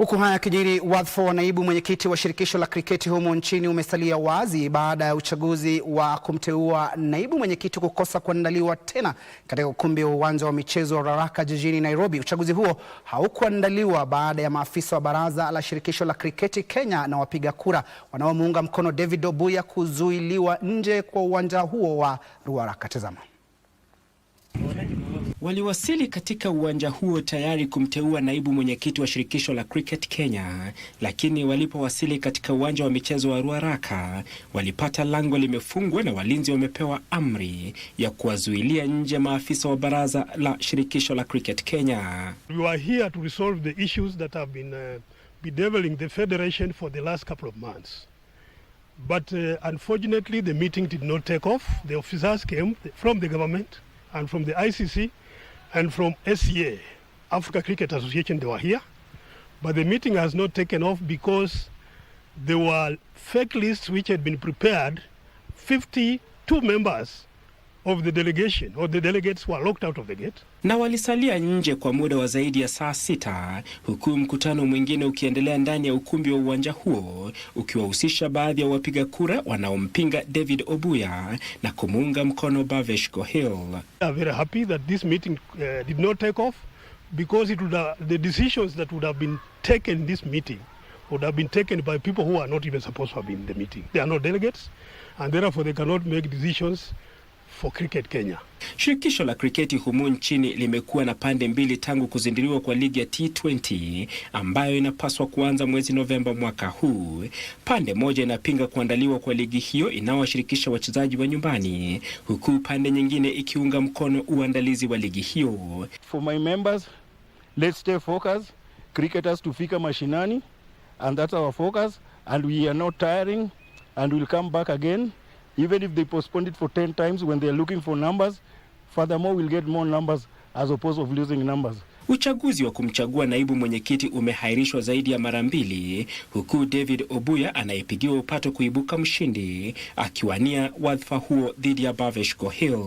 Huku haya kijiri, wadhifa wa naibu mwenyekiti wa shirikisho la kriketi humo nchini umesalia wazi baada ya uchaguzi wa kumteua naibu mwenyekiti kukosa kuandaliwa tena katika ukumbi wa uwanja wa michezo wa Ruaraka jijini Nairobi. Uchaguzi huo haukuandaliwa baada ya maafisa wa baraza la shirikisho la kriketi Kenya na wapiga kura wanaomuunga mkono David Obuya kuzuiliwa nje kwa uwanja huo wa Ruaraka. Tazama waliwasili katika uwanja huo tayari kumteua naibu mwenyekiti wa shirikisho la cricket Kenya, lakini walipowasili katika uwanja wa michezo wa Ruaraka walipata lango limefungwa na walinzi wamepewa amri ya kuwazuilia nje maafisa wa baraza la shirikisho la cricket Kenya. We are here to resolve the issues that have been uh, bedeviling the federation for the last couple of months. But uh, unfortunately the meeting did not take off. The officers came from the government and from the ICC and from SCA, Africa Cricket Association, they were here. But the meeting has not taken off because there were fake lists which had been prepared. 52 members Of the delegation, or the delegates were locked out of the gate. Na walisalia nje kwa muda wa zaidi ya saa sita huku mkutano mwingine ukiendelea ndani ya ukumbi wa uwanja huo ukiwahusisha baadhi ya wapiga kura wanaompinga David Obuya na kumuunga mkono Bavesh Gohil. They are not delegates and therefore they cannot make decisions for cricket Kenya. Shirikisho la kriketi humu nchini limekuwa na pande mbili tangu kuzinduliwa kwa ligi ya T20 ambayo inapaswa kuanza mwezi Novemba mwaka huu. Pande moja inapinga kuandaliwa kwa ligi hiyo inayowashirikisha wachezaji wa nyumbani, huku pande nyingine ikiunga mkono uandalizi wa ligi hiyo. For my members, let's stay focused. Cricketers tufika mashinani and that's our focus and we are not tiring and we'll come back again even if they postponed it for 10 times when they are looking for numbers furthermore we'll get more numbers as opposed of losing numbers Uchaguzi wa kumchagua naibu mwenyekiti umehairishwa zaidi ya mara mbili, huku David Obuya anayepigiwa upato kuibuka mshindi akiwania wadhifa huo dhidi ya Bavesh Gohil.